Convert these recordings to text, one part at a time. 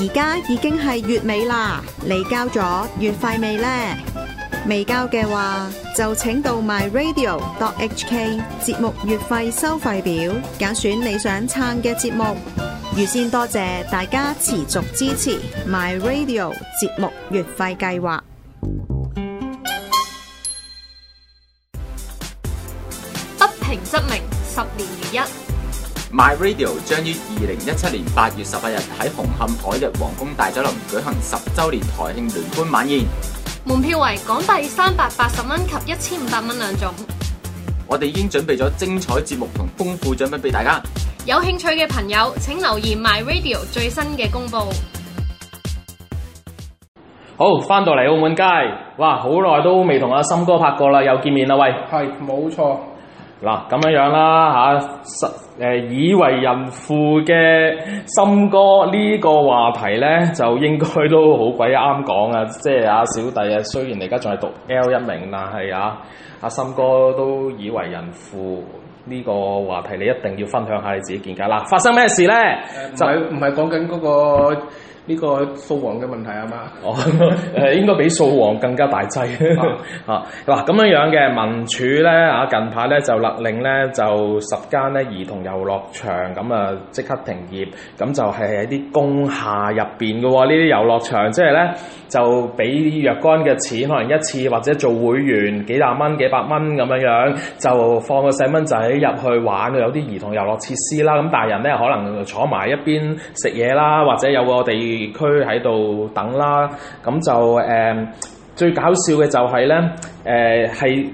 而家已經係月尾啦，你交咗月費未呢？未交嘅話，就請到 my radio dot hk 節目月費收費表，揀選你想撐嘅節目。預先多謝大家持續支持 my radio 節目月費計劃。不平則鳴，十年如一。My Radio 將於二零一七年八月十八日喺紅磡海逸皇宮大酒樓舉行十周年台慶聯歡晚宴，門票為港幣三百八十蚊及一千五百蚊兩種。我哋已經準備咗精彩節目同豐富獎品俾大家，有興趣嘅朋友請留意 My Radio 最新嘅公布。好，翻到嚟澳門街，哇，好耐都未同阿森哥拍過啦，又見面啦，喂，係，冇錯。嗱咁樣樣啦嚇，誒、啊、以為人父嘅森哥呢個話題呢，就應該都好鬼啱講啊！即係阿小弟啊，雖然你而家仲係讀 L 一名，但係啊，阿、啊、森哥都以為人父呢個話題，你一定要分享下你自己見解啦！發生咩事呢？呃、就係唔係講緊嗰個？呢個掃黃嘅問題係嘛？哦，誒應該比掃黃更加大劑 啊，啊！嗱咁樣樣嘅民署咧啊，近排咧就勒令咧就十間咧兒童遊樂場咁啊即刻停業，咁就係喺啲工廈入邊嘅喎呢啲遊樂場，即係咧就俾若干嘅錢，可能一次或者做會員幾百蚊、幾百蚊咁樣樣，就放個細蚊仔入去玩有啲兒童遊樂設施啦。咁大人咧可能坐埋一邊食嘢啦，或者有個地。業區喺度等啦，咁就誒、嗯、最搞笑嘅就係呢，誒、嗯、係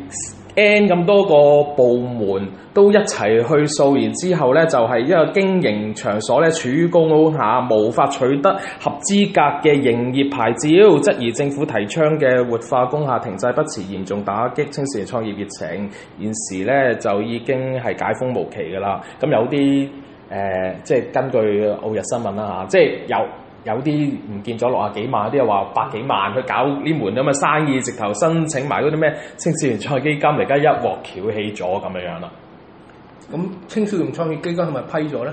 N 咁多個部門都一齊去掃，然之後呢，就係、是、一個經營場所呢，處於工廈，無法取得合資格嘅營業牌照，質疑政府提倡嘅活化工廈停滯不前，嚴重打擊青少年創業熱情。現時呢就已經係解封無期噶啦，咁有啲誒、嗯、即係根據澳日新聞啦嚇，即係有。有啲唔見咗六啊幾萬，有啲又話百幾萬去搞呢門咁嘅生意，直頭申請埋嗰啲咩青少年創業基金，而家一鑊翹起咗咁嘅樣啦。咁青少年創業基金係咪批咗咧？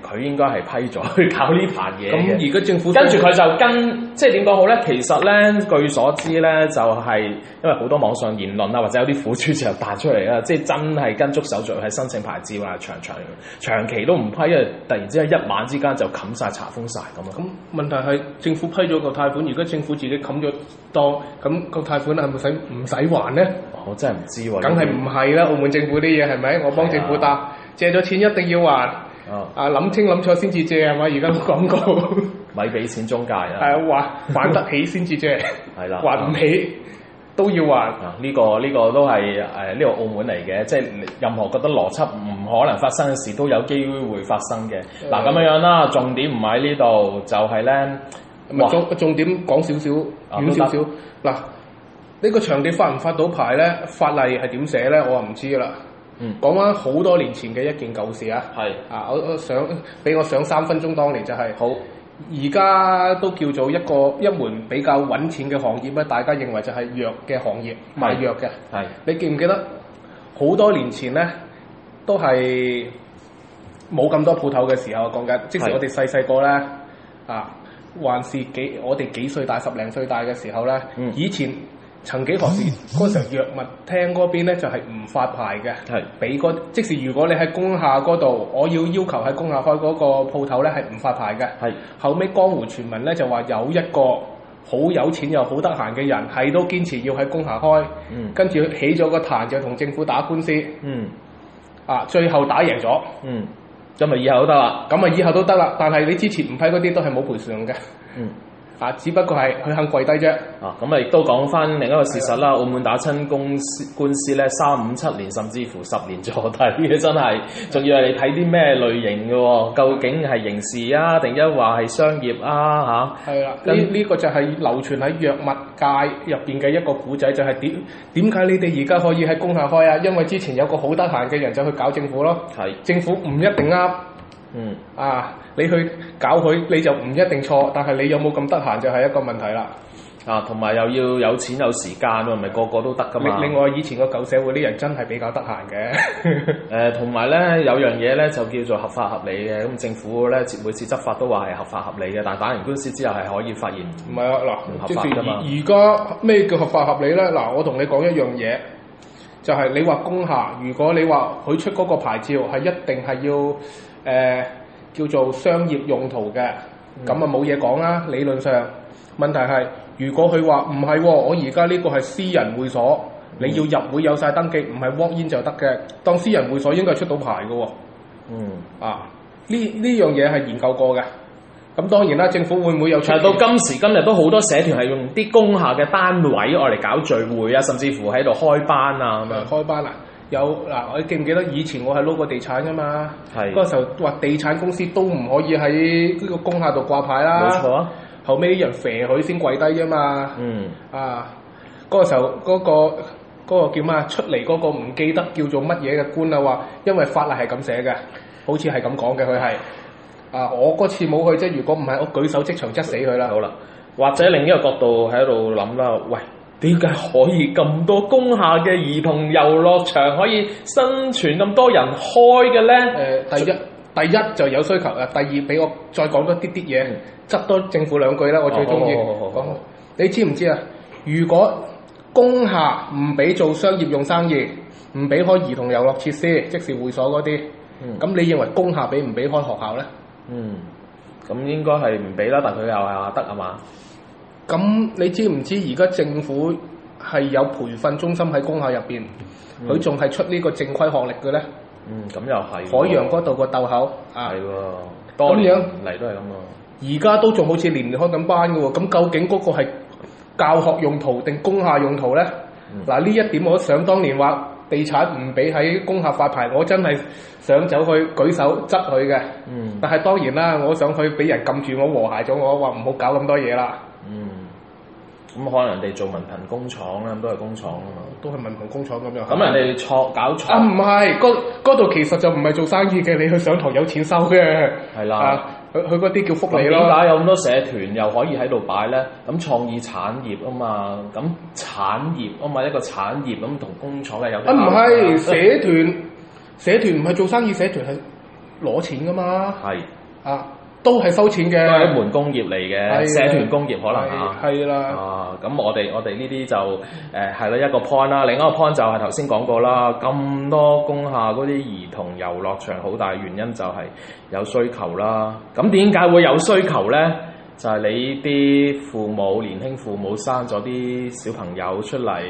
誒佢應該係批咗去搞呢盤嘢。咁如果政府跟住佢就跟，即係點講好咧？其實咧，據所知咧，就係、是、因為好多網上言論啊，或者有啲苦主就彈出嚟啊，即係真係跟足手續去申請牌照啦，長長長期都唔批因為，突然之間一晚之間就冚晒查封晒咁啊！咁問題係政府批咗個貸款，如果政府自己冚咗檔，咁、那個貸款係咪使唔使還咧？我真係唔知喎、啊。梗係唔係啦？澳門政府啲嘢係咪？我幫政府答，啊、借咗錢一定要還。哦，啊，諗清諗楚先至借係嘛，而家廣告咪俾錢中介啦，係啊，還還得起先至借，係啦，還唔起都要還啊。呢個呢個都係誒呢個澳門嚟嘅，即係任何覺得邏輯唔可能發生嘅事，都有機會發生嘅。嗱咁、嗯啊、樣樣啦，重點唔喺呢度，就係、是、咧，唔哇重重點講少少，啊、遠少少。嗱，呢、啊這個場地發唔發到牌咧？法例係點寫咧？我唔知啦。講翻好多年前嘅一件舊事是啊！係啊，我我想俾我想三分鐘，當年就係、是、好。而家都叫做一個一門比較穩錢嘅行業咧，大家認為就係藥嘅行業賣藥嘅係。你記唔記得好多年前咧，都係冇咁多鋪頭嘅時候我講緊，即使我哋細細個咧啊，還是幾我哋幾歲大十零歲大嘅時候咧，嗯、以前。曾幾何時嗰、嗯嗯、時藥物廳嗰邊咧就係唔發牌嘅，俾是即使如果你喺工廈嗰度，我要要求喺工廈開嗰個鋪頭咧係唔發牌嘅。係是後尾江湖傳聞咧就話有一個好有錢又好得閒嘅人係都堅持要喺工廈開，嗯、跟住起咗個壇就同政府打官司。嗯，啊最後打贏咗。嗯，咁咪以，以，以後都得啦。咁咪以後都得啦。但係你之前唔批嗰啲都係冇賠償嘅。嗯。啊！只不過係佢肯跪低啫。啊！咁啊，亦都講翻另一個事實啦。的澳門打親官司官司咧，三五七年甚至乎十年坐低啲真係。仲要係你睇啲咩類型嘅喎？究竟係刑事啊，定一話係商業啊？嚇、啊。係啦。呢呢個就係流傳喺藥物界入邊嘅一個古仔，就係、是、點點解你哋而家可以喺公堂開啊？因為之前有個好得閒嘅人就去搞政府咯。係的。政府唔一定啱、啊。嗯，啊，你去搞佢，你就唔一定錯，但係你有冇咁得閒就係一個問題啦。啊，同埋又要有錢有時間，咪，咪個個都得咁。另外，以前個舊社會啲人真係比較得閒嘅。誒、 呃，同埋咧，有樣嘢咧就叫做合法合理嘅，咁政府咧，每次執法都話係合法合理嘅，但係打完官司之後係可以發現唔係啊，嗱，唔合法噶嘛。而家咩叫合法合理咧？嗱，我同你講一樣嘢，就係、是、你話工廈，如果你話佢出嗰個牌照係一定係要，誒、呃、叫做商業用途嘅，咁啊冇嘢講啦。理論上問題係，如果佢話唔係，我而家呢個係私人會所，嗯、你要入會有晒登記，唔係喎，walk in 就得嘅，當私人會所應該係出到牌嘅喎、哦。嗯，啊呢呢樣嘢係研究過嘅。咁當然啦，政府會唔會有？誒到今時今日都好多社團係用啲工廈嘅單位嚟搞聚會啊，甚至乎喺度開班啊咁樣。嗯、開班啦！有嗱、啊，你記唔記得以前我係撈過地產噶嘛？嗰是的 個時候話地產公司都唔可以喺呢個工廈度掛牌啦、啊。冇錯啊！後尾啲人肥佢先跪低啫嘛。嗯啊，嗰、那個時候嗰、那個那個叫咩啊？出嚟嗰個唔記得叫做乜嘢嘅官啦，話因為法例係咁寫嘅，好似係咁講嘅，佢係啊，我嗰次冇去啫。如果唔係，我舉手即場窒死佢啦、嗯。好啦，或者另一個角度喺度諗啦，喂。點解可以咁多工廈嘅兒童遊樂場可以生存，咁多人開嘅咧？誒、呃，第一做第一就有需求啊。第二，俾我再講多啲啲嘢，執、嗯、多政府兩句啦。我最中意講。你知唔知啊？如果工廈唔俾做商業用生意，唔俾開兒童遊樂設施，即係會所嗰啲，咁、嗯、你認為工廈俾唔俾開學校咧？嗯，咁應該係唔俾啦。但佢又係話得啊嘛？咁你知唔知而家政府係有培訓中心喺工廈入邊，佢仲係出呢個正規學歷嘅咧？嗯，咁又係海洋嗰度個竇口，係喎，咁樣嚟都係咁喎。而家都仲好似年年開緊班嘅喎。咁究竟嗰個係教學用途定工廈用途咧？嗱呢、嗯啊、一點，我想當年話地產唔俾喺工廈發牌，我真係想走去舉手執佢嘅。嗯，但係當然啦，我想佢俾人撳住我和諧咗，我話唔好搞咁多嘢啦。咁可能人哋做文憑工廠啦，咁都係工廠啊嘛，都係文憑工廠咁樣。咁人哋創搞創啊，唔係，嗰度其實就唔係做生意嘅，你去上堂有錢收嘅。係啦的，佢佢嗰啲叫福利咯。點解有咁多社團又可以喺度擺咧？咁創意產業啊嘛，咁產業啊嘛，一個產業咁同工廠係有關係。啊，唔係，社團，社團唔係做生意，社團係攞錢噶嘛。係是。啊。都係收錢嘅，都係一門工業嚟嘅，的社團工業可能係。係啦的。啊，咁的、啊、我哋我哋呢啲就誒係啦一個 point 啦，另一個 point 就係頭先講過啦，咁多工廈嗰啲兒童遊樂場好大原因就係有需求啦。咁點解會有需求咧？就係、是、你啲父母年輕父母生咗啲小朋友出嚟，誒、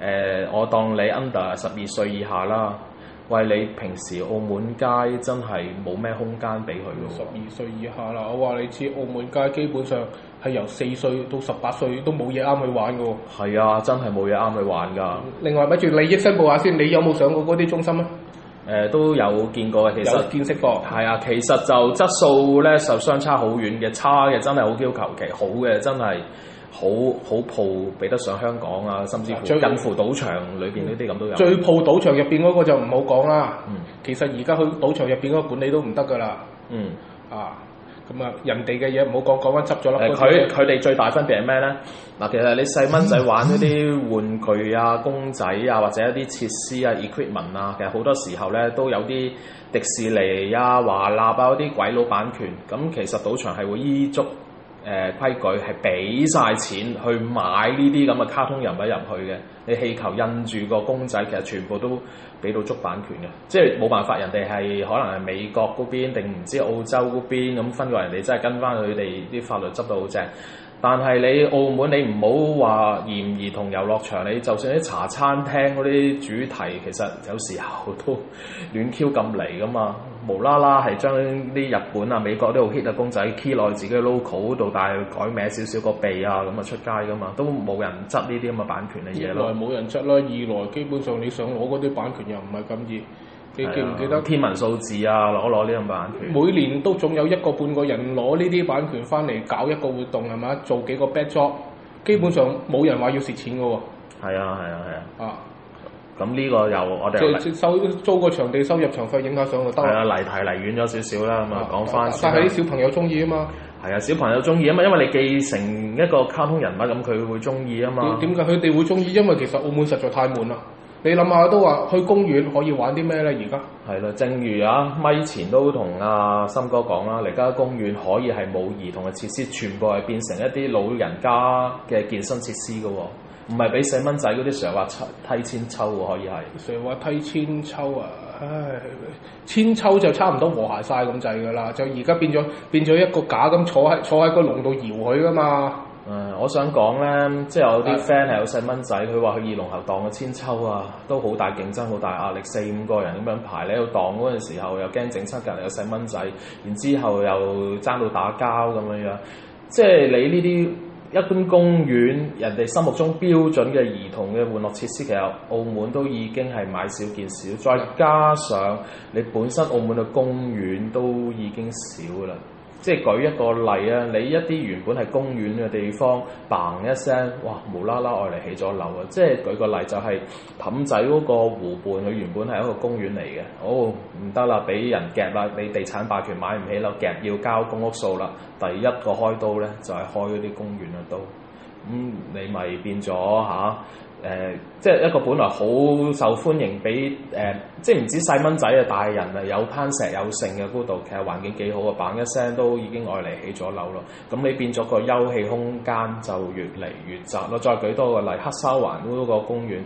呃，我當你 under 十二歲以下啦。喂，你平時澳門街真係冇咩空間俾佢喎。十二歲以下啦，我話你知澳門街基本上係由四歲到十八歲都冇嘢啱去玩嘅喎。係啊，真係冇嘢啱去玩㗎。另外，咪住利益申報下先。你有冇上過嗰啲中心啊？誒，都有見過嘅，其實見識過。係啊，其實就質素咧就相差好遠嘅，差嘅真係好求其，好嘅真係。好好鋪比得上香港啊，甚至乎近乎賭場裏邊呢啲咁都有、嗯。最鋪賭場入邊嗰個就唔好講啦。嗯，其實而家去賭場入邊嗰個管理都唔得噶啦。嗯，啊，咁啊，人哋嘅嘢唔好講，講翻執咗啦。佢佢哋最大分別係咩咧？嗱，其實你細蚊仔玩嗰啲玩具啊、公仔啊，或者一啲設施啊、equipment 啊，其實好多時候咧都有啲迪士尼啊、華納啊啲鬼佬版權，咁其實賭場係會依足。誒、呃、規矩係俾晒錢去買呢啲咁嘅卡通人物入去嘅，你氣球印住個公仔，其實全部都俾到足版權嘅，即係冇辦法，人哋係可能係美國嗰邊定唔知澳洲嗰邊咁，分過人哋，真係跟翻佢哋啲法律執到好正。但係你澳門，你唔好話嫌兒童遊樂場，你就算啲茶餐廳嗰啲主題，其實有時候都亂 Q 咁嚟噶嘛。無啦啦係將啲日本啊、美國啲好 hit 嘅公仔 key 內自己 local 度，但係改名少少個鼻啊咁啊，出街㗎嘛，都冇人執呢啲咁嘅版權嘅嘢咯。來冇人執啦，二來基本上你想攞嗰啲版權又唔係咁易。你、啊、記唔記得天文數字啊？攞攞呢樣版權，每年都總有一個半個人攞呢啲版權翻嚟搞一個活動係咪？做幾個 bet j o p 基本上冇人話要蝕錢㗎喎。係啊，係啊係啊。啊！咁呢個又我哋收租，租，租個場地收入場費影下相就得。係啊，離題離遠咗少少啦，咁啊講翻。但係啲小朋友中意啊嘛。係啊，小朋友中意啊嘛，因為你繼承一個卡通人物，咁佢會中意啊嘛。點解佢哋會中意？因為其實澳門實在太悶啦。你諗下都話，去公園可以玩啲咩咧？而家係啦，正如啊，咪前都同阿森哥講啦，而家公園可以係冇兒童嘅設施，全部係變成一啲老人家嘅健身設施噶喎。唔係俾細蚊仔嗰啲成日話抽梯千秋，可以係成日話梯千秋。啊！唉，千秋就差唔多和諧晒咁滯噶啦，就而家變咗變咗一個架咁坐喺坐喺個籠度搖佢噶嘛。誒、嗯，我想講咧，即係有啲 friend 係有細蚊仔，佢話去二龍喉盪個千秋啊，都好大競爭，好大壓力，四五個人咁樣排你喺度盪嗰陣時候又驚整親隔離嘅細蚊仔，然之後又爭到打交咁樣樣，即係你呢啲。一般公園，人哋心目中標準嘅兒童嘅玩樂設施，其實澳門都已經係買少見少。再加上你本身澳門嘅公園都已經少啦。即係舉一個例啊！你一啲原本係公園嘅地方，bang 一聲，哇！無啦啦愛嚟起咗樓啊！即係舉個例，就係、是、氹仔嗰個湖畔，佢原本係一個公園嚟嘅。哦，唔得啦，俾人夾啦！你地產霸權買唔起樓，夾要交公屋數啦。第一個開刀咧，就係、是、開嗰啲公園嘅刀。咁、嗯、你咪變咗嚇。誒、呃，即係一個本來好受歡迎，俾、呃、誒，即係唔止細蚊仔啊，大人啊，有攀石有剩嘅嗰度，其實環境幾好嘅，嘣一聲都已經愛嚟起咗樓咯。咁你變咗個休憩空間就越嚟越窄咯。再舉多個例，黑沙環嗰個公園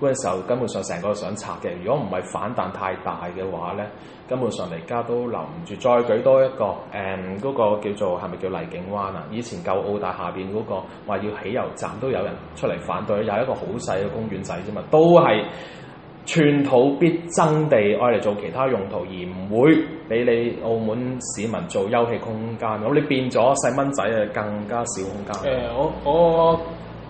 嗰陣時候，根本上成個想拆嘅。如果唔係反彈太大嘅話咧。根本上嚟家都留唔住，再舉多一個誒嗰、嗯嗰個叫做係咪叫麗景灣啊？以前舊澳大下邊嗰個話要起油站，都有人出嚟反對，有一個好細嘅公園仔啫嘛，都係寸土必爭地，愛嚟做其他用途而唔會俾你澳門市民做休憩空間。咁你變咗細蚊仔啊，更加少空、呃、空間。誒，我我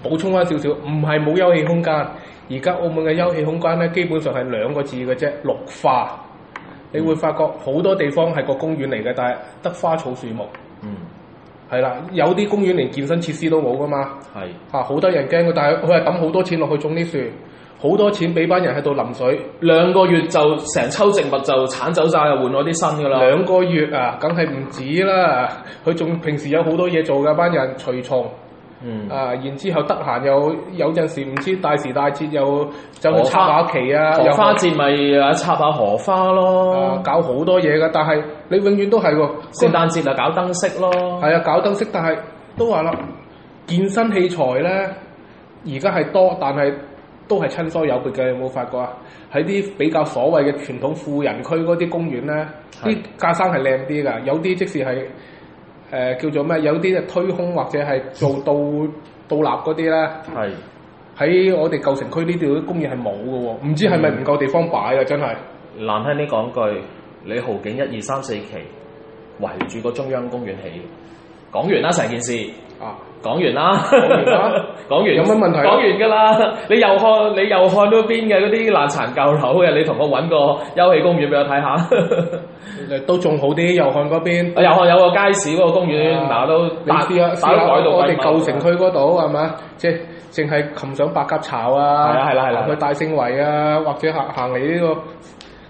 補充翻少少，唔係冇休憩空間。而家澳門嘅休憩空間咧，基本上係兩個字嘅啫，綠化。你會發覺好多地方係個公園嚟嘅，但係得花草樹木。嗯，係啦，有啲公園連健身設施都冇噶嘛。係吓，好多人驚嘅，但係佢係抌好多錢落去種啲樹，好多錢俾班人喺度淋水，兩個月就成抽植物就鏟走晒，又換咗啲新噶啦。兩個月啊，梗係唔止啦，佢仲平時有好多嘢做嘅，班人除蟲。隨從嗯，啊，然之後得閒又有陣時唔知大時大節又走去插下旗啊，荷花節咪啊插下荷花咯，搞好多嘢㗎。但係你永遠都係喎，聖誕節就搞燈飾咯。係啊，搞燈飾，但係都話啦、嗯，健身器材咧，而家係多，但係都係親疏有別嘅。有冇發覺啊？喺啲比較所謂嘅傳統富人區嗰啲公園咧，啲架生係靚啲㗎，有啲即使係。誒、呃、叫做咩？有啲誒推空或者係做倒倒立嗰啲咧，喺是我哋舊城區呢度，啲公園係冇㗎喎，唔知係咪唔夠地方擺啊？嗯、真係難聽啲講句，你豪景一二三四期圍住個中央公園起，講完啦成件事。啊。講完啦，講 說完，有乜問題？講完噶啦，你又看，你又看嗰邊嘅嗰啲爛殘舊樓嘅，你同我搵個休憩公園俾我睇下， 都仲好啲。又看嗰邊，又看有個街市嗰個公園，嗱的都，啱啲、就是、啊，稍改到我哋舊城區嗰度係咪啊？即係淨係擒上白鴿巢啊？係啊，係啦，係啦。去大聖圍啊，或者行行嚟呢個。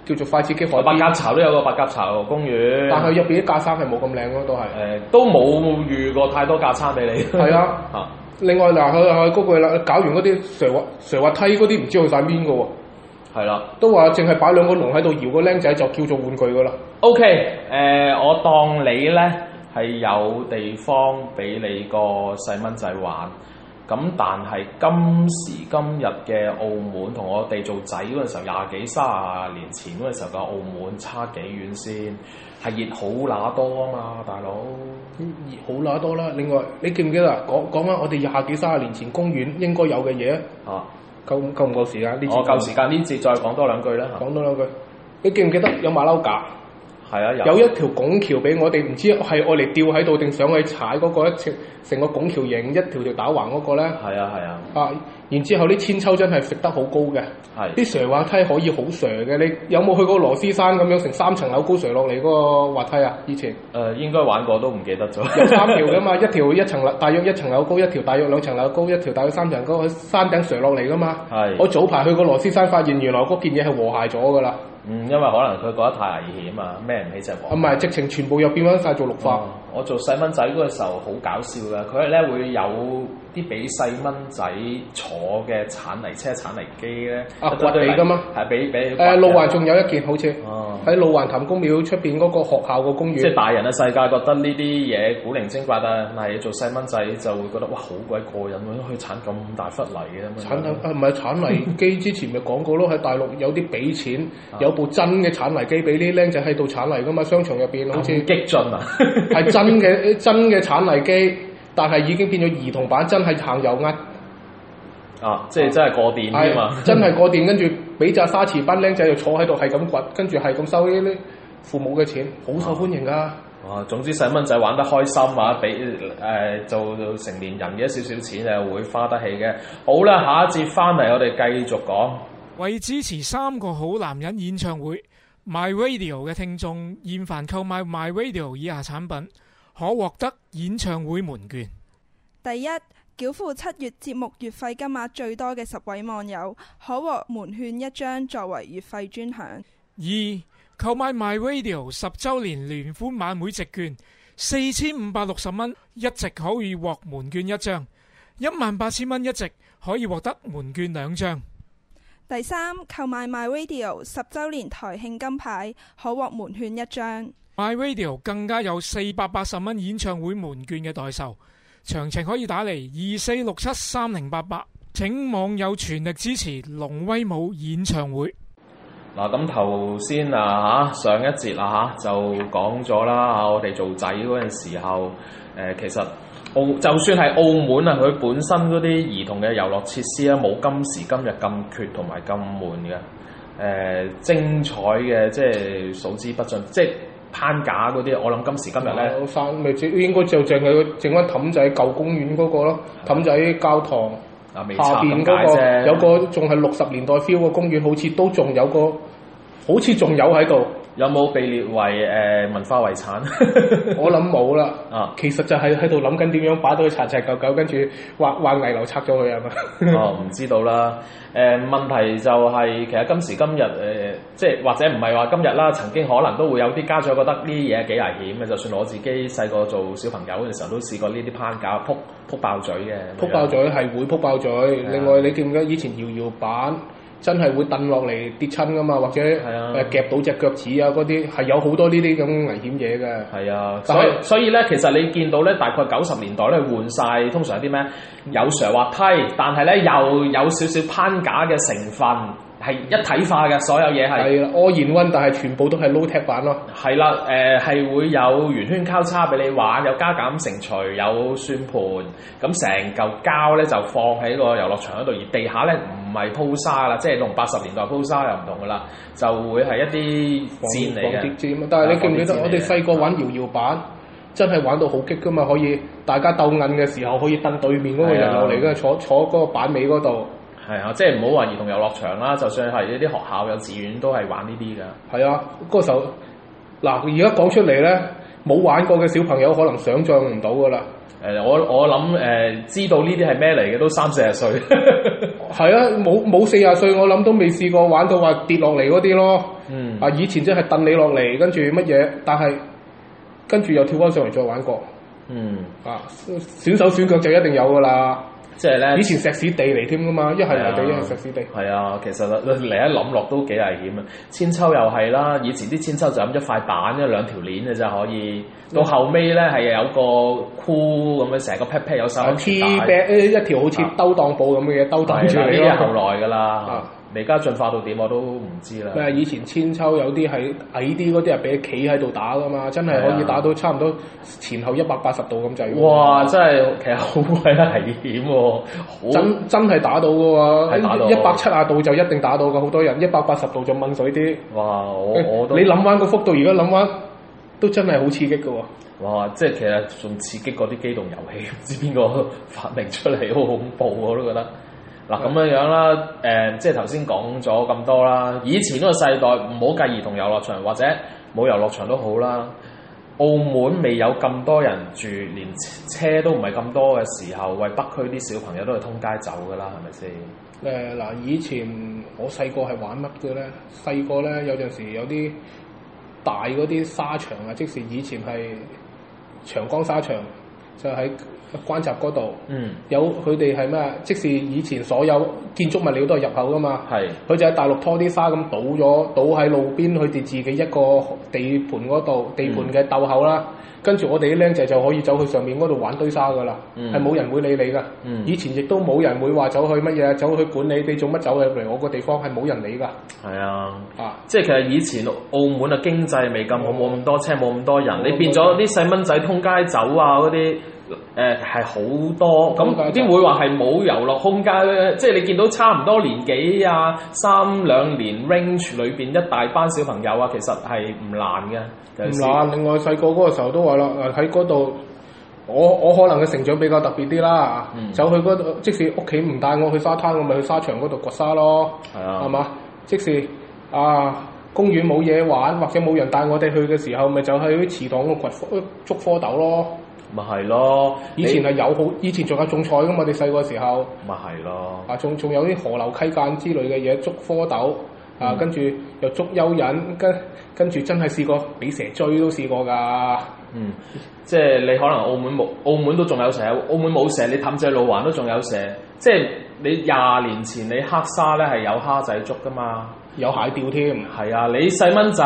叫做快捷機，白鴿巢都有個白鴿巢公園，但係入邊啲架生係冇咁靚咯，都係誒、呃、都冇預過太多架生俾你。係啊， 另外嗱，佢佢嗰個啦、那個，搞完嗰啲斜滑斜滑梯嗰啲，唔知去晒邊嘅喎。係啦，都話淨係擺兩個籠喺度搖個僆仔就叫做玩具嘅啦。OK，誒、呃，我當你咧係有地方俾你個細蚊仔玩。咁但係今時今日嘅澳門同我哋做仔嗰陣時候廿幾卅年前嗰陣時候嘅澳門差幾遠先，係熱好乸多啊嘛，大佬熱好乸多啦。另外你記唔記得講講翻我哋廿幾卅年前公園應該有嘅嘢啊？啊，夠夠唔夠時間？呢次、啊、夠時間，呢次再講多兩句啦。講多兩句，你記唔記得有馬騮架？啊、有，有一條拱橋俾我哋，唔知係我嚟吊喺度定上去踩嗰、那個一條成個拱橋型一條條打橫嗰個咧。係啊，係啊。啊，然之後啲千秋真係食得好高嘅。係是。啲垂滑梯可以好垂嘅，你有冇去過螺絲山咁樣成三層樓高垂落嚟嗰個滑梯啊？以前。誒、呃，應該玩過都唔記得咗。有三條㗎嘛， 一條一層樓，大約一層樓高；一條大約兩層樓高；一條大約三層高。山頂垂落嚟㗎嘛。係是。我早排去過螺絲山，發現原來嗰件嘢係和諧咗㗎啦。嗯，因為可能佢覺得太危險啊，孭唔起隻黃。唔係，直情全部又變翻曬做綠化、嗯。我做細蚊仔嗰陣時候好搞笑嘅，佢係咧會有。啲俾細蚊仔坐嘅鏟泥車、鏟泥機咧，啊，掘泥噶嘛，係俾俾，誒，路環仲有一件好似，喺路環譚公廟出邊嗰個學校個公園，即係大人嘅世界覺得呢啲嘢古靈精怪啊，但係做細蚊仔就會覺得哇，好鬼過癮喎，可以鏟咁大忽泥嘅，鏟啊，唔係鏟泥機之前咪講過咯，喺大陸有啲俾錢，有部真嘅鏟泥機俾啲僆仔喺度鏟泥噶嘛，商場入邊好似激進啊，係真嘅真嘅鏟泥機。但係已經變咗兒童版，真係行又厄啊！即係真係過電啊嘛！ 真係過電，跟住俾扎沙池班僆仔就坐喺度，係咁掘，跟住係咁收呢啲父母嘅錢，好受歡迎噶。哦、啊，總之細蚊仔玩得開心啊，俾誒、呃、做到成年人嘅少少錢啊，會花得起嘅。好啦，下一節翻嚟，我哋繼續講。為支持《三個好男人》演唱會，My Radio 嘅聽眾，現凡購買 My Radio 以下產品，可獲得演唱會門券。第一，繳付七月節目月費金額最多嘅十位網友，可獲門券一張作為月費專享。二，購買 My Radio 十周年聯歡晚會席券四千五百六十蚊一席可以獲門券一張；一萬八千蚊一席可以獲得門券兩張。第三，購買 My Radio 十周年台慶金牌，可獲門券一張。My radio 更加有四百八十蚊演唱會門券嘅代售，詳情可以打嚟，二四六七三零八八，請網友全力支持龍威武演唱會。嗱，咁頭先啊，吓、啊、上一節啊，吓就講咗啦，我哋做仔嗰陣時候，誒、呃，其實澳就算係澳門啊，佢本身嗰啲兒童嘅遊樂設施啊，冇今時今日咁缺同埋咁悶嘅，誒、呃，精彩嘅即係數之不盡，即係。攀架嗰啲，我諗今時今日咧，生咪即應該就淨係淨翻氹仔舊公園嗰、那個咯，氹仔教堂吧下邊嗰、那個、啊、有個仲係六十年代 feel 嘅公園，好似都仲有個，好似仲有喺度。有冇被列為誒文化遺產？我諗冇啦。啊，其實就係喺度諗緊點樣擺到佢殘殘舊舊，跟住或或危樓拆咗佢啊嘛。哦，唔知道啦。誒問題就係其實今時今日誒，即係或者唔係話今日啦，曾經可能都會有啲家長覺得呢啲嘢幾危險嘅。就算我自己細個做小朋友嗰陣時候都試過呢啲攀架，撲撲爆嘴嘅。撲爆嘴係會撲爆嘴。另外，你見唔見以前搖搖板？真係會燉落嚟跌親噶嘛，或者誒是、啊嗯、夾到隻腳趾啊，嗰啲係有好多呢啲咁危險嘢嘅。係啊是所，所以所以咧，其實你見到咧，大概九十年代咧，換晒，通常有啲咩有長滑梯，但係咧又有少少攀架嘅成分。係一體化嘅所有嘢係，all in one，但係全部都係 low-tech 版咯。係啦，誒係、呃、會有圓圈交叉俾你玩，有加減乘除，有算盤，咁成嚿膠咧就放喺個遊樂場嗰度，而地下咧唔係鋪沙啦，即係同八十年代鋪沙又唔同噶啦，就會係一啲磚嚟嘅。但係你記唔記得我哋細個玩搖搖板，真係玩到好激噶嘛？可以大家鬥韌嘅時候，可以蹬對面嗰個人落嚟，跟住坐坐嗰個板尾嗰度。了了係啊，即係唔好話兒童遊樂場啦，就算係一啲學校、幼稚園都係玩呢啲噶。係啊，嗰時嗱，而家講出嚟咧，冇玩過嘅小朋友可能想象唔到噶啦。誒、呃，我我諗誒、呃，知道呢啲係咩嚟嘅都三四十歲。係 啊，冇冇四廿歲，我諗都未試過玩到話跌落嚟嗰啲咯。嗯。啊，以前即係凳你落嚟，跟住乜嘢，但係跟住又跳翻上嚟再玩過。嗯。啊，選手選腳就一定有噶啦。即係咧，呢以前石屎地嚟添㗎嘛，一係泥地，一係石屎地。係啊，啊，其實你一諗落都幾危險啊！千秋又係啦，以前啲千秋就咁一塊板，一兩條鏈嘅就可以，到後尾咧係有個箍咁樣，成個 pat pat 有三條、啊、一條好似兜襠布咁嘅嘢兜住你咯。啊、後來㗎啦。啊而家進化到點我都唔知啦。咩啊？以前鞦韆有啲係矮啲嗰啲，係俾佢企喺度打噶嘛，真係可以打到差唔多前後一百八十度咁滯。哇！真係其實好鬼危險喎、啊，真真係打到噶喎、啊，一百七啊度就一定打到噶，好多人一百八十度就掹水啲。哇！我、嗯、我也你諗翻個幅度，而家諗翻都真係好刺激噶喎、啊。哇！即係其實仲刺激過啲機動遊戲，唔知邊個發明出嚟好恐怖，我都覺得。嗱，咁樣樣啦，誒、嗯、即係頭先講咗咁多啦。以前嗰個世代唔好計兒童遊樂場或者冇遊樂場都好啦。澳門未有咁多人住，連車都唔係咁多嘅時候，為北區啲小朋友都係通街走噶啦，係咪先？誒嗱、呃，以前我細個係玩乜嘅咧？細個咧有陣時有啲大嗰啲沙場啊，即使以前係長江沙場，就喺、是。關閘嗰度，嗯、有佢哋係咩？即係以前所有建築物料都係入口噶嘛，佢係就喺大陸拖啲沙咁倒咗，倒喺路邊佢哋自己一個地盤嗰度、嗯、地盤嘅竇口啦。跟住我哋啲僆仔就可以走去上面嗰度玩堆沙噶啦，係冇、嗯、人會理你噶。嗯、以前亦都冇人會話走去乜嘢，走去管理你做乜走去嚟我個地方係冇人理㗎。係啊，啊，即係其實以前澳門啊經濟未咁好，冇咁多車，冇咁多人。你變咗啲細蚊仔通街走啊嗰啲。誒係好多，咁、嗯、啲、嗯、會話係冇遊樂空間咧？嗯、即係你見到差唔多年紀啊，三兩年 range 裏邊一大班小朋友啊，其實係唔難嘅。唔、就是、難。另外細個嗰個時候都話啦，喺嗰度，我我可能嘅成長比較特別啲啦。嗯、就去嗰度，即使屋企唔帶我去沙灘，我咪去沙場嗰度掘沙咯。係啊。係嘛？即使啊，公園冇嘢玩，或者冇人帶我哋去嘅時候，咪就喺啲池塘度掘捉蝌蚪咯。咪係咯，以前係有好，以前仲有種菜㗎嘛，你細個時候。咪係咯。啊，仲仲有啲河流溪澗之類嘅嘢捉蝌蚪，啊、嗯，跟住又捉蚯蚓，跟跟住真係試過俾蛇追都試過㗎。嗯，即係你可能澳門冇，澳門都仲有蛇。澳門冇蛇，你氹仔路環都仲有蛇。即係你廿年前你黑沙咧係有蝦仔捉㗎嘛？有蟹釣添。係啊，你細蚊仔。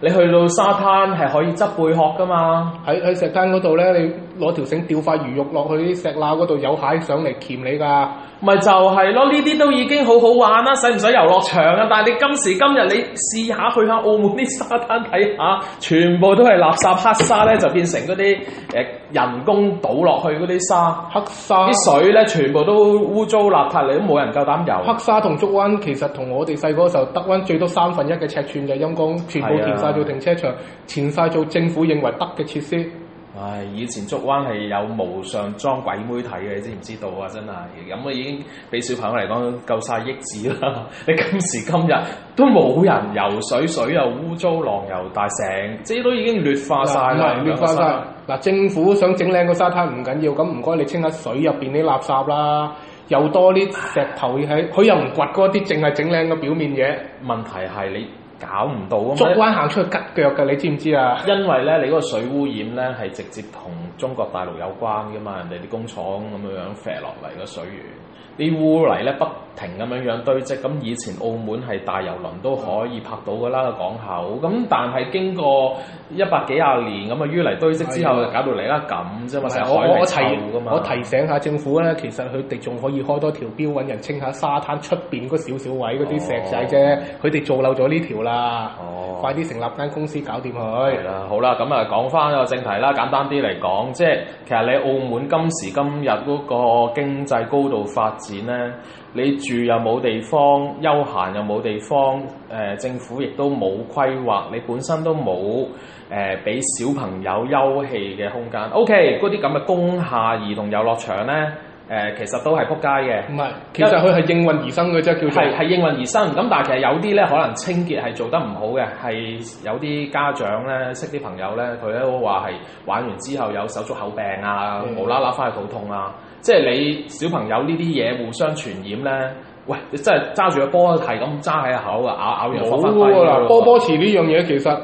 你去到沙灘係可以執貝殼噶嘛？喺喺石灘嗰度咧，你攞條繩吊塊魚肉落去啲石罅嗰度，有蟹上嚟鉗你㗎，咪就係咯。呢啲都已經好好玩啦，使唔使遊樂場啊？但係你今時今日你試下去下澳門啲沙灘睇下，全部都係垃圾。黑沙咧就變成嗰啲誒人工倒落去嗰啲沙。黑沙，啲水咧全部都污糟邋遢，你都冇人夠膽遊。黑沙同竹灣其實同我哋細個嗰時候，德灣最多三分一嘅尺寸，就陰公，全部到停車場，前晒做政府認為得嘅設施。唉、哎，以前竹灣係有無上裝鬼妹睇嘅，你知唔知道啊？真係，咁啊已經俾小朋友嚟講夠晒益智啦。你今時今日都冇人游水，水又污糟，浪又大，成啲都已經劣化晒。啦的。樣劣化曬。嗱，政府想整靚個沙灘唔緊要，咁唔該你清下水入邊啲垃圾啦。又多啲石頭喺，佢又唔掘嗰啲，淨係整靚個表面嘢。問題係你。搞唔到啊！捉彎行出去吉腳嘅，你知唔知啊？因為咧，你嗰個水污染咧，係直接同中國大陸有關嘅嘛，人哋啲工廠咁樣樣，瀉落嚟個水源。啲污泥咧，不停咁樣樣堆積，咁以前澳門係大郵輪都可以拍到噶啦、嗯、港口，咁但係經過一百幾廿年咁啊淤泥堆積之後，的就搞到嚟啦咁啫嘛，海皮臭噶嘛。我提醒下政府咧，其實佢哋仲可以開多條標揾人清下沙灘出邊嗰少少位嗰啲石仔啫，佢哋、哦、做漏咗呢條啦。哦，快啲成立間公司搞掂佢。係啦，好啦，咁啊講翻個正題啦，簡單啲嚟講，即係其實你澳門今時今日嗰個經濟高度化。發展咧，你住又冇地方，休閒又冇地方，誒政府亦都冇規劃，你本身都冇誒俾小朋友休憩嘅空間。OK，嗰啲咁嘅工廈兒童遊樂場咧，誒其實都係撲街嘅。唔係，其實佢係應運而生嘅啫，叫做係應運而生。咁但係其實有啲咧，可能清潔係做得唔好嘅，係有啲家長咧，識啲朋友咧，佢都話係玩完之後有手足口病啊，無啦啦翻去肚痛啊。即係你小朋友呢啲嘢互相傳染咧，喂！你真係揸住個波係咁揸喺口啊，咬咬又好翻啦，波波池呢樣嘢其實嗰、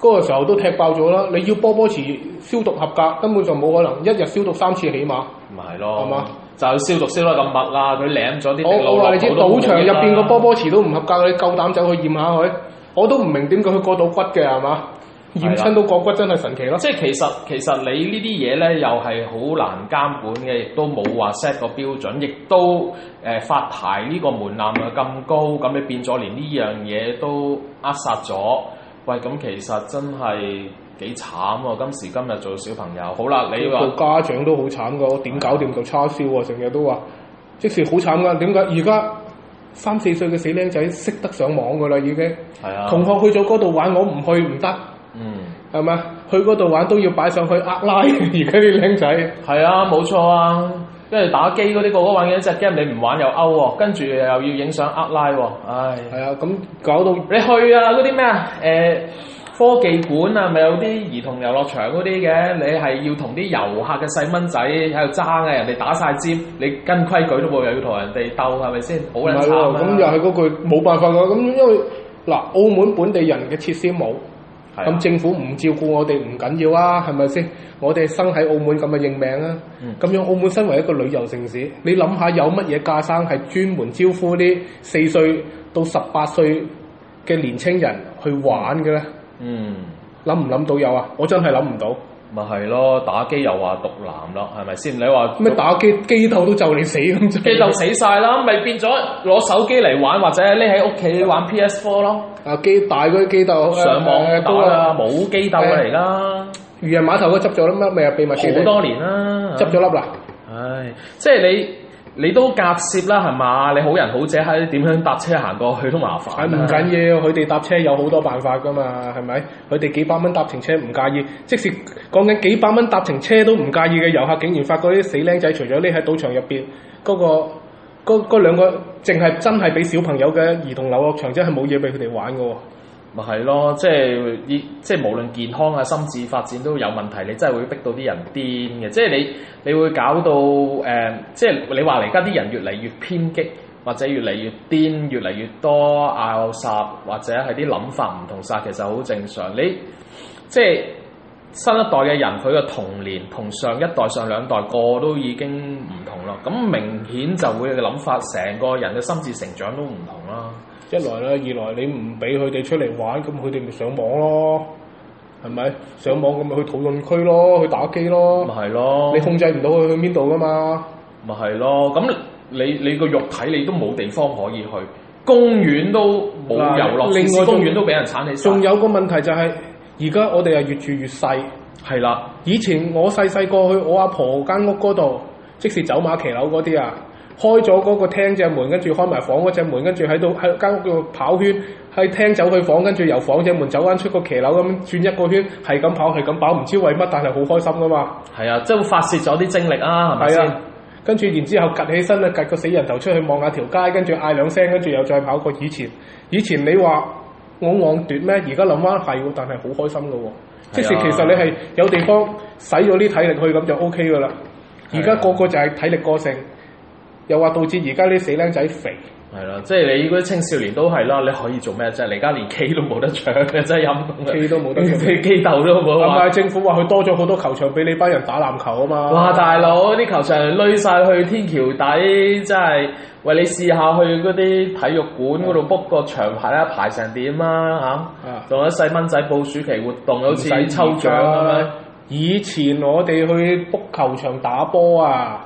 嗰個時候都踢爆咗啦。你要波波池消毒合格，根本就冇可能，一日消毒三次起碼。唔係咯，係嘛吧？就消毒消毒得咁密啊！佢舐咗啲。我我話你知，賭場入邊個波波池都唔合格，你夠膽走去驗下佢？我都唔明點解佢過到骨嘅係嘛？驗親到個骨真係神奇咯！即係其實其實你呢啲嘢咧又係好難監管嘅，亦都冇話 set 個標準，亦都誒、呃、發牌呢個門檻啊咁高，咁你變咗連呢樣嘢都扼殺咗。喂，咁其實真係幾慘喎！今時今日做小朋友，好啦，你話家長都好慘噶，點搞掂做叉燒啊？成日都話，即係好慘噶。點解而家三四歲嘅死僆仔識得上網噶啦已經？係啊的，同學去咗嗰度玩，我唔去唔得。係咪去嗰度玩都要擺上去呃拉？而家啲靚仔係啊，冇錯啊，因為打機嗰啲個個玩緊隻 game，你唔玩又勾喎，跟住又要影相呃拉喎，唉！係啊，咁搞到你去啊嗰啲咩啊？誒、欸、科技館啊，咪有啲兒童遊樂場嗰啲嘅，你係要同啲遊客嘅細蚊仔喺度爭啊，人哋打晒尖，你跟規矩都冇、啊啊嗯，又要同人哋鬥係咪先？好係喎，咁又係嗰句冇辦法㗎、啊，咁因為嗱澳門本地人嘅設施冇。咁、嗯、政府唔照顧我哋唔緊要啊，係咪先？我哋生喺澳門咁咪認命啊！咁、嗯、樣澳門身為一個旅遊城市，你諗下有乜嘢架生係專門招呼啲四歲到十八歲嘅年青人去玩嘅咧？諗唔諗到有啊？我真係諗唔到。咪係咯，打機又話毒男啦，係咪先？你話咩打機機鬥都就你死咁， 機鬥死晒啦，咪變咗攞手機嚟玩，或者匿喺屋企玩 PS4 咯。啊，機大嗰啲機鬥上、嗯啊、網打啦，冇機鬥嚟啦。漁人碼頭嗰執咗粒粒，咪又秘密住好多年啦，執咗粒啦。唉，即係你。你都夾攝啦，係嘛？你好人好姐係點樣搭車行過去都麻煩。唔緊要，佢哋搭車有好多辦法噶嘛，係咪？佢哋幾百蚊搭程車唔介意，即使講緊幾百蚊搭程車都唔介意嘅遊客，竟然發覺啲死僆仔除咗匿喺賭場入邊，嗰、嗰個嗰嗰兩個淨係真係俾小朋友嘅兒童遊樂場，真係冇嘢俾佢哋玩嘅喎。咪係咯，即係啲即係無論健康啊、心智發展都有問題，你真係會逼到啲人癲嘅。即係你，你會搞到誒，即係你話嚟家啲人越嚟越偏激，或者越嚟越癲，越嚟越多拗殺，或者係啲諗法唔同晒，其實好正常。你即係新一代嘅人，佢嘅童年同上一代、上兩代個都已經唔同咯。咁明顯就會諗法，成個人嘅心智成長都唔同啦。一來啦，二來你唔俾佢哋出嚟玩，咁佢哋咪上網咯，係咪？上網咁咪去討論區咯，去打機咯。咪係咯，你控制唔到佢去邊度噶嘛？咪係咯，咁你你個肉體你都冇地方可以去，公園都冇遊樂設施，另外公園都俾人鏟起，仲有個問題就係、是，而家我哋係越住越細。係啦了，以前我細細個去我阿婆間屋嗰度，即係走馬騎樓嗰啲啊。開咗嗰個廳隻門，跟住開埋房嗰隻門，跟住喺度喺間屋度跑圈，喺廳走去房，跟住由房隻門走返出個騎樓咁轉一個圈，係咁跑，係咁跑，唔知為乜，但係好開心噶嘛。係啊，即係發泄咗啲精力啊，係咪先？吧跟住然之後趷起身咧，趷個死人頭出去望下條街，跟住嗌兩聲，跟住又再跑過以前。以前你話我戇鈍咩？而家諗返係，但係好開心噶喎、哦。即係、啊、其實你係有地方使咗啲體力去，咁就 O K 噶啦。而家、啊、個個就係體力過剩。又話導致而家啲死僆仔肥，係啦，即係你嗰啲青少年都係啦，你可以做咩即係？你而家連 K 都冇得唱嘅，真係陰，K 都冇得唱，機竇 都冇。唔係政府話佢多咗好多球場俾你班人打籃球啊嘛？哇，大佬啲球場攆晒去天橋底，真係！喂，你試下去嗰啲體育館嗰度 book 個場牌 Yeah. 啊，排成點啊嚇？仲有細蚊仔報暑期活動，好似不用 抽獎咁樣。以前我哋去 book 球場打波啊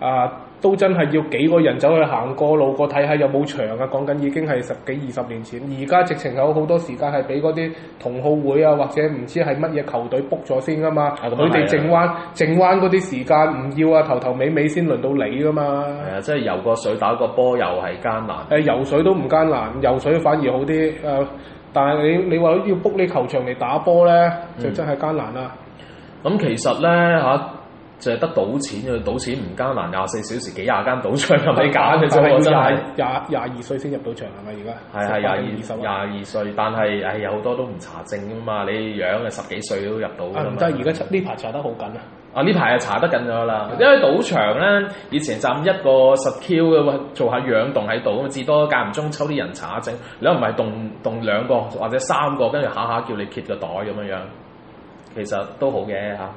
啊！啊都真係要幾個人走去行過路過睇下有冇場啊！講緊已經係十幾二十年前，而家直情有好多時間係俾嗰啲同好會啊，或者唔知係乜嘢球隊 book 咗先噶嘛。佢哋剩翻剩翻嗰啲時間唔要啊，頭頭尾尾先輪到你噶嘛。係啊，真係、嗯、游個水打個波又係艱難。誒、嗯，嗯、游水都唔艱難，游水反而好啲。誒、呃，但係你你話要 book 你球場嚟打波呢，就真係艱難啦。咁、嗯嗯、其實呢。嚇、啊。啊啊就係得賭錢啊！賭錢唔艱難，廿四小時幾廿間賭場係咪揀嘅啫喎。廿廿廿二歲先入到場係咪？而家係係廿二十廿二歲，但係是係、嗯哎、有好多都唔查證㗎嘛。你樣啊十幾歲都入到。啊唔得，而家呢排查得好緊啊，啊！啊呢排啊查得緊咗啦，的因為賭場咧以前站一個十 Q 嘅話，做下養棟喺度，咁至多間唔中抽啲人查下證。你唔係動動兩個或者三個，跟住下下叫你揭個袋咁樣樣，其實都好嘅嚇。啊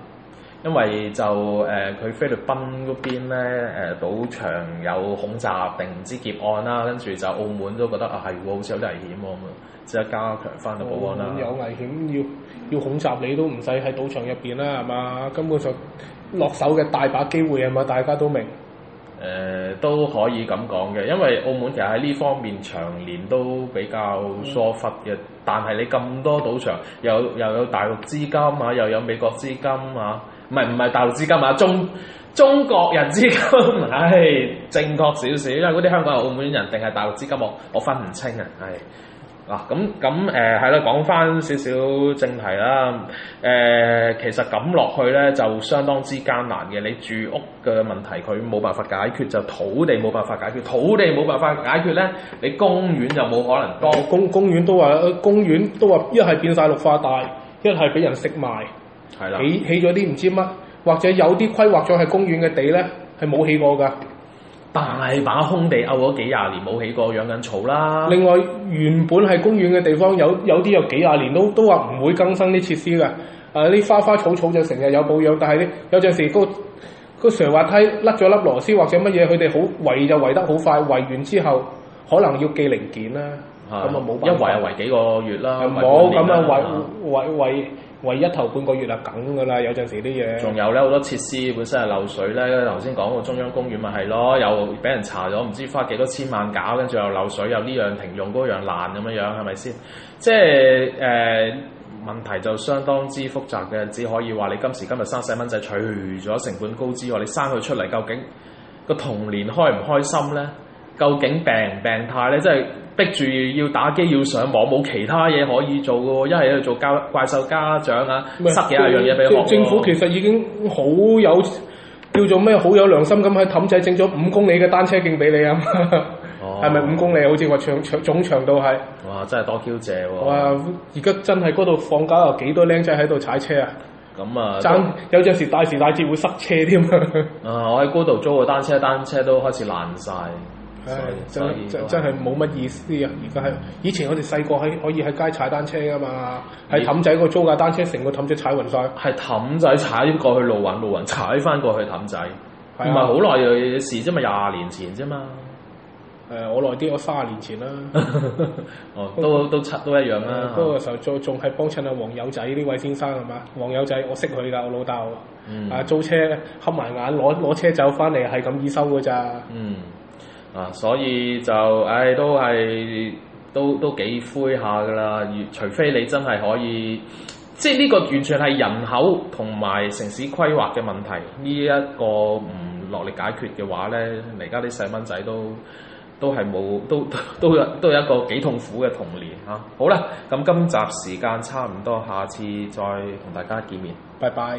因為就誒佢、呃、菲律賓嗰邊咧誒、呃，賭場有恐襲定唔知劫案啦，跟住就澳門都覺得啊，係會有危險喎咁即係加強翻度保安啦。澳門有危險，要要恐襲你都唔使喺賭場入邊啦，係嘛？根本就落手嘅大把機會係嘛？大家都明誒、呃、都可以咁講嘅，因為澳門其實喺呢方面長年都比較疏忽嘅。嗯、但係你咁多賭場，又又，又有大陸資金啊，又有美國資金啊。唔係唔係大陸資金啊，中中國人資金，係 正確少少。因為嗰啲香港人、澳門人定係大陸資金，我我分唔清啊。係。嗱，咁咁誒係啦，講翻少少正題啦。誒、呃，其實咁落去咧，就相當之艱難嘅。你住屋嘅問題，佢冇辦法解決，就土地冇辦法解決，土地冇辦法解決咧，你公園就冇可能多。公公園都話，公園都話，一係變晒綠化帶，一係俾人食埋。係啦，起起咗啲唔知乜，或者有啲規劃咗係公園嘅地咧，係冇起過噶。大把空地，踎咗幾廿年冇起過養，養緊草啦。另外，原本係公園嘅地方，有有啲有幾廿年都都話唔會更新啲設施嘅。誒、啊，啲花花草草就成日有保養，但係有陣時個個斜滑梯甩咗粒螺絲或者乜嘢，佢哋好圍就圍得好快，圍完之後可能要寄零件啦。咁啊冇辦法，一圍就圍幾個月啦。冇咁樣圍圍圍。喂，一頭半個月啦，梗噶啦，有陣時啲嘢。仲有咧，好多設施本身係漏水咧，頭先講過中央公園咪係咯，又俾人查咗，唔知花幾多千萬搞，跟住又漏水，又呢樣停用，嗰樣爛咁樣樣，係咪先？即係誒、呃，問題就相當之複雜嘅，只可以話你今時今日生細蚊仔，除咗成本高之外，你生佢出嚟，究竟個童年開唔開心咧？究竟病唔病態咧？即係逼住要打機、要上網，冇其他嘢可以做嘅喎。一係喺度做教怪獸家長啊，喂塞幾廿樣嘢俾我。政府其實已經好有叫做咩好有良心咁喺氹仔整咗五公里嘅單車徑俾你啊！係咪五公里？好似話長長，長長總長度係。哇！真係多嬌姐喎、哦！哇！而家真係嗰度放假有幾多靚仔喺度踩車啊！咁啊差，爭都有陣時，時大時大節會塞車添 啊！我喺嗰度租個單車，單車都開始爛晒。誒，真真係冇乜意思啊！而家係以前我哋細個喺可以喺街踩單車噶嘛，喺氹仔個租架單車，成個氹仔踩勻晒。係氹仔踩過去路環路環，踩翻過去氹仔，唔係好耐嘅事啫嘛，廿、呃、年前啫嘛。誒，我耐啲，我卅年前啦。哦，都、嗯、都七都，都一樣啦。嗰個、啊、時候仲仲係幫襯阿黃友仔呢位先生係嘛？黃友仔，我識佢噶，我老豆。啊，租車黑埋眼攞攞車走翻嚟，係咁易收噶咋？啊、嗯。啊，所以就唉、哎，都係都都幾灰下噶啦，除非你真係可以，即係呢個完全係人口同埋城市規劃嘅問題，呢、這、一個唔落力解決嘅話咧，而家啲細蚊仔都都係冇都都有都，都，都有一個幾痛苦嘅童年啊！好啦，咁今集時間差唔多，下次再同大家見面，拜拜。